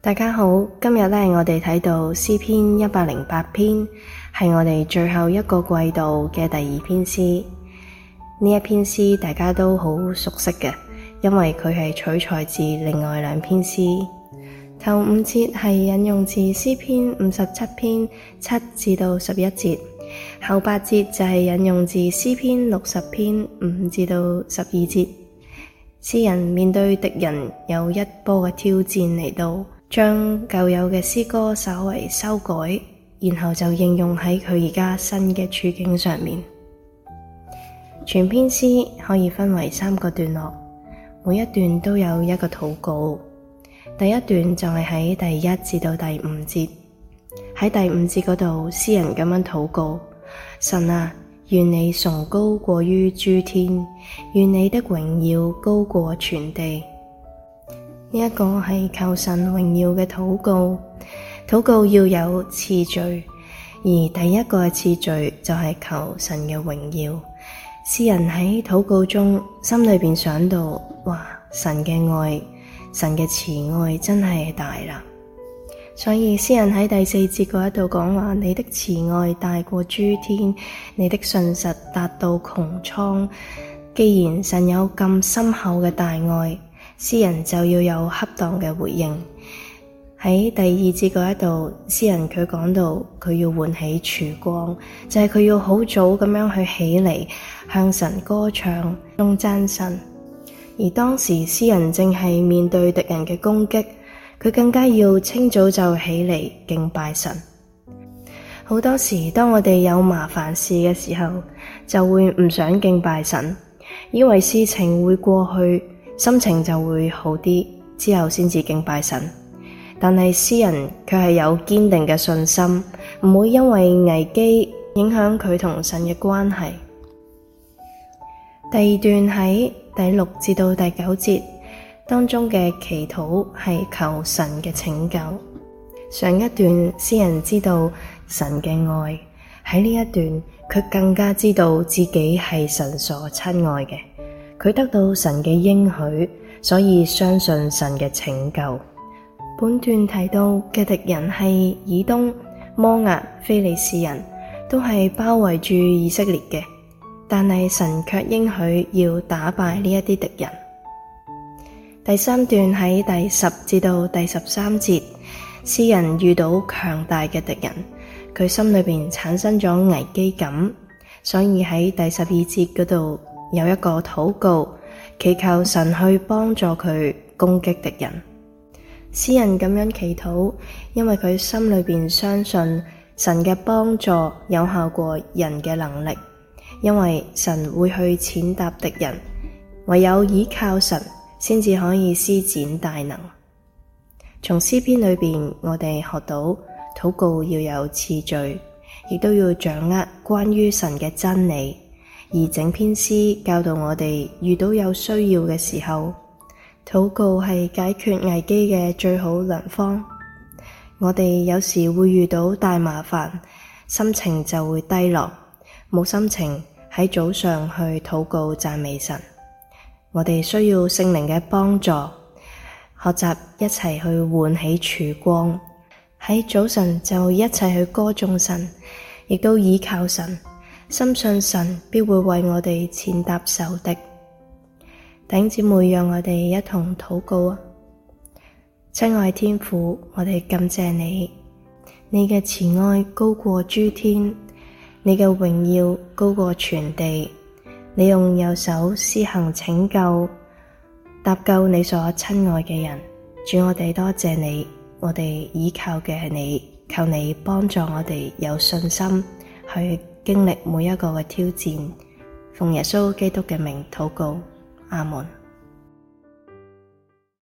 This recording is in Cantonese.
大家好，今日咧，我哋睇到詩篇一百零八篇，係我哋最後一個季度嘅第二篇詩。呢一篇詩大家都好熟悉嘅，因為佢係取材自另外兩篇詩。頭五節係引用自詩篇五十七篇七至到十一節，後八節就係引用自詩篇六十篇五至到十二節。詩人面對敵人有一波嘅挑戰嚟到。將舊有嘅詩歌稍為修改，然後就應用喺佢而家新嘅處境上面。全篇詩可以分為三個段落，每一段都有一個禱告。第一段就係喺第一至到第五節，喺第五節嗰度，詩人咁樣禱告：神啊，願你崇高過於諸天，願你的榮耀高過全地。呢一個係求神榮耀嘅禱告，禱告要有次序，而第一個次序就係求神嘅榮耀。詩人喺禱告中心裏邊想到：哇，神嘅愛，神嘅慈愛真係大啦！所以詩人喺第四節嗰一度講話：你的慈愛大過諸天，你的信實達到穹蒼。既然神有咁深厚嘅大愛。詩人就要有恰當嘅回應。喺第二節嗰一度，詩人佢講到佢要喚起曙光，就係佢要好早咁樣去起嚟向神歌唱，用讚神。而當時詩人正係面對敵人嘅攻擊，佢更加要清早就起嚟敬拜神。好多時，當我哋有麻煩事嘅時候，就會唔想敬拜神，以為事情會過去。心情就會好啲，之後先至敬拜神。但係詩人卻係有堅定嘅信心，唔會因為危機影響佢同神嘅關係。第二段喺第六至到第九節當中嘅祈禱係求神嘅拯救。上一段詩人知道神嘅愛，喺呢一段佢更加知道自己係神所親愛嘅。佢得到神嘅應許，所以相信神嘅拯救。本段提到嘅敵人係以東、摩押、非利士人，都係包圍住以色列嘅。但係神卻應許要打敗呢一啲敵人。第三段喺第十至到第十三節，詩人遇到強大嘅敵人，佢心裏邊產生咗危機感，所以喺第十二節嗰度。有一個禱告，祈求神去幫助佢攻擊敵人。詩人咁樣祈禱，因為佢心裏邊相信神嘅幫助有效過人嘅能力，因為神會去踐踏敵人。唯有倚靠神，先至可以施展大能。從詩篇裏邊，我哋學到禱告要有次序，亦都要掌握關於神嘅真理。而整篇詩教導我哋，遇到有需要嘅時候，禱告係解決危機嘅最好良方。我哋有時會遇到大麻煩，心情就會低落，冇心情喺早上去禱告讚美神。我哋需要聖靈嘅幫助，學習一齊去喚起曙光。喺早晨就一齊去歌頌神，亦都依靠神。深信神必會為我哋踐踏仇敵頂姐妹讓我哋一同禱告啊！親愛天父，我哋感謝你，你嘅慈愛高過諸天，你嘅榮耀高過全地，你用右手施行拯救，搭救你所親愛嘅人。主，我哋多謝你，我哋倚靠嘅係你，求你幫助我哋有信心去經歷每一個嘅挑戰，奉耶穌基督嘅名禱告，阿門。